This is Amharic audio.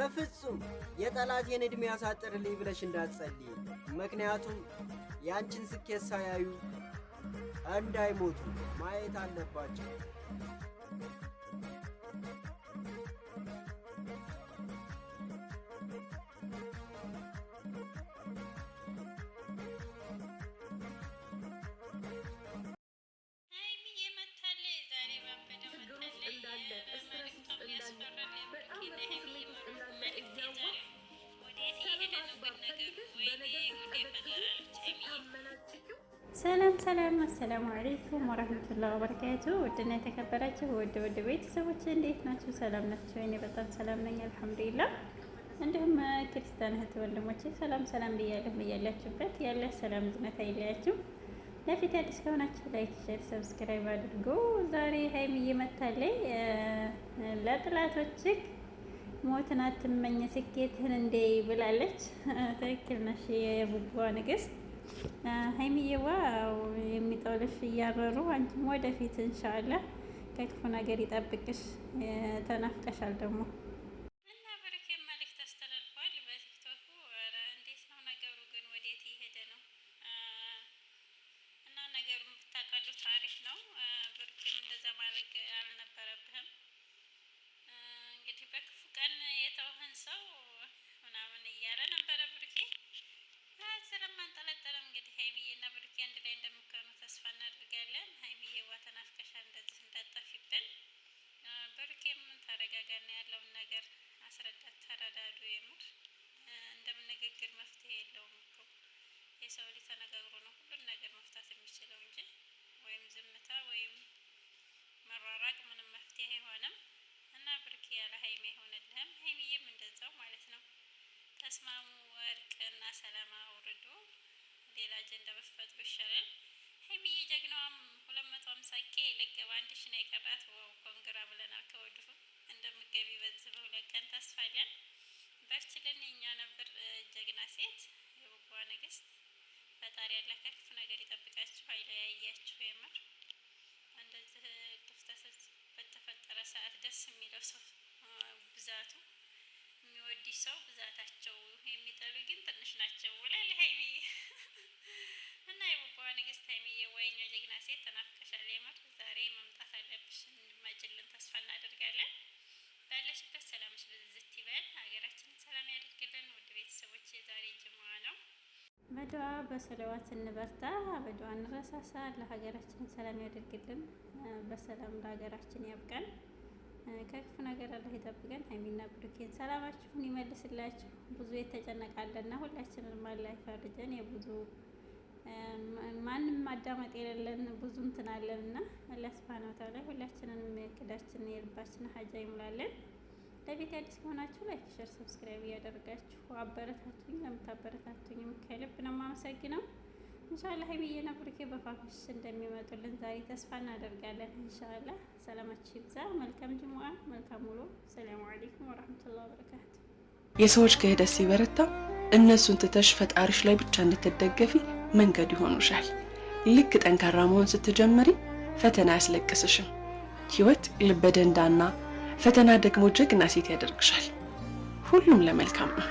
በፍጹም የጠላቴን ዕድሜ ያሳጥርልኝ ብለሽ እንዳትጸልይ። ምክንያቱም ያንቺን ስኬት ሳያዩ እንዳይሞቱ ማየት አለባቸው። ሰላም ሰላም፣ አሰላሙ አለይኩም ወረህመቱላሂ ወበረካቱ። ውድና የተከበራችሁ ውድ ውድ ቤተሰቦች እንዴት ናችሁ? ሰላም ናቸው? እኔ በጣም ሰላም ነኝ አልሐምዱሊላህ። እንዲሁም ክርስቲያን እህት ወንድሞቼ ሰላም ሰላም ብያለሁ። ብያላችሁበት ያለ ሰላም ዝነት አይለያችሁ። ለፊት አዲስ ከሆናችሁ ላይክ፣ ሼር፣ ሰብስክራይብ አድርጎ ዛሬ ሀይሚዬ መታለች ለጥላቶችህ ሞትን አትመኝ ስኬትህን እንዴ ብላለች። ትክክል ነሽ የቡቧ ንግስት ሀይሚዬዋ። የሚጠውልሽ እያረሩ አንቺም ወደፊት እንሻላ ከክፉ ነገር ይጠብቅሽ። ተናፍቀሻል ደግሞ ነገሩን ብታቀሉት አሪፍ ነው። ብርቅም እንደዛ ማድረግ አልነበረብህም። ሰው ምናምን እያለ ነበረ ብሩኬ ስለማንጠለጠለም እንግዲህ ሀይሚዬ እና ብሩኬ አንድ ላይ እንደምከኑ ተስፋ እናደርጋለን። ሀይሚዬ ዋተናፍቀሻ እንደዚህ እንዳጠፊብን ብሩኬ ምን ታረጋጋና ያለውን ነገር አስረዳት፣ ተረዳዱ። የምር እንደምንግግር መፍትሄ የለውም እኮ የሰው ልጅ ተነጋግሮ ነው ሁሉን ነገር መፍታት የሚችለው እንጂ ወይም ዝምታ ወይም መራራቅ ምንም መፍትሄ አይሆንም። እና ብርክ ያለ ሀይሚ አይሆንልህም። ሀይሚዬም እንደዛው ማለት ነው። ተስማሙ፣ እርቅና ሰላም አውርዱ። ሌላ አጀንዳ በፈጥሩ ይሻላል። ሀይሚዬ ጀግናዋም ሁለት መቶ ሃምሳ ኬ ለገባ አንድ ሺ ነው የቀራት። ዋው ኮንግራ ብለናል። ከወዲሁ እንደምገቢ በዚህ በሁለት ቀን ተስፋ በርችልን። የኛ ነብር ጀግና ሴት የብጓ ንግስት ፈጣሪ ያላከ ክፉ ነገር ይጠብቃችሁ፣ አይለያያችሁ። የምር እንደዚህ ክፍተት ሰዓት ደስ የሚለው ሰው ብዛቱ የሚወድ ሰው ብዛታቸው፣ የሚጠሉ ግን ትንሽ ናቸው። ወላሂ ሀይሚዬ እና የቦቦዋ ንግስት ሀይሚዬ ወይኛ ጀግና ሴት ተናፍቀሻል። የምር ዛሬ መምጣት አለብሽ። እንድማጅልን ተስፋ እናደርጋለን። ባለሽበት ሰላምሽ ብዝዝት ይበል። ሀገራችንን ሰላም ያደርግልን። ውድ ቤተሰቦች የዛሬ ጅማ ነው። በድዋ በሰለዋት እንበርታ፣ በድዋ እንረሳሳ። ለሀገራችን ሰላም ያደርግልን። በሰላም ለሀገራችን ያብቃን። ከክፉ ነገር አላህ ይጠብቀን። ሀይሚና ብሩኬን ሰላማችሁን ይመልስላችሁ። ብዙ የተጨነቃለና ሁላችንን አላህ ይፈርጀን። የብዙ ማንም ማዳመጥ የሌለን ብዙ እንትን አለን እና አላህ ሱብሃነሁ ወተዓላ ሁላችንንም እቅዳችን የልባችን ሀጃ ይሙላለን። ለቤት አዲስ ከሆናችሁ ላይክ፣ ሸር፣ ሰብስክራይብ እያደረጋችሁ አበረታቱኝ። ለምታበረታቱኝም ከልብ ነው የማመሰግነው። እንሻላ ብዬና ብሩኬ በፋፍሽ እንደሚመጡልን ዛሬ ተስፋ እናደርጋለን። እንሻላ ሰላማችሁ ይብዛ። መልካም ጅሙዓ፣ መልካም ውሎ። ሰላሙ አለይኩም ወረሕመቱላሂ ወበረካቱ። የሰዎች ክህደት ሲበረታ እነሱን ትተሽ ፈጣሪሽ ላይ ብቻ እንድትደገፊ መንገድ ይሆኑሻል። ልክ ጠንካራ መሆን ስትጀምሪ ፈተና አያስለቅስሽም። ህይወት ልበደንዳና ፈተና ደግሞ ጀግና ሴት ያደርግሻል። ሁሉም ለመልካም ነው።